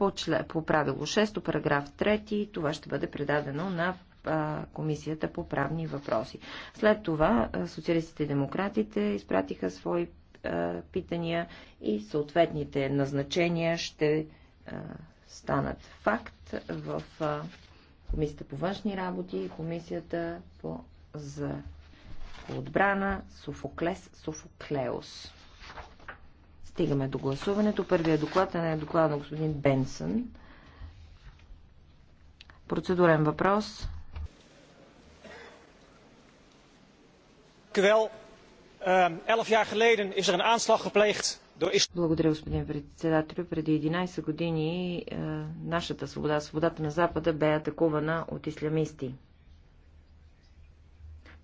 по, член, по правило 6, параграф 3. Това ще бъде предадено на Комисията по правни въпроси. След това социалистите и демократите изпратиха свои питания и съответните назначения ще станат факт в Комисията по външни работи и Комисията по, за отбрана Софоклес Софоклеос. Стигаме до гласуването. Първият доклад е на доклад на господин Бенсън. Процедурен въпрос. Е, er Благодаря, господин председател. Преди 11 години е, нашата свобода, свободата на Запада, бе атакувана от ислямисти.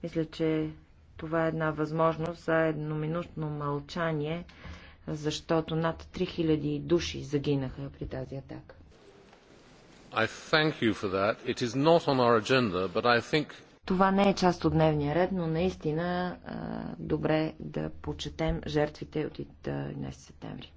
Мисля, че това е една възможност за едноминутно мълчание защото над 3000 души загинаха при тази атака. I thank you for that. It is not on our agenda, but I think това не е част от дневния ред, но наистина а, добре да почетем жертвите от 11 септември.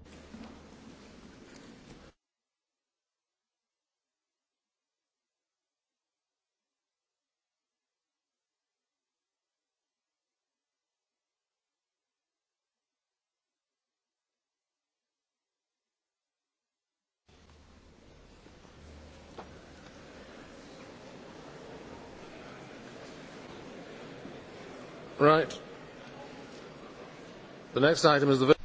Right. The next item is the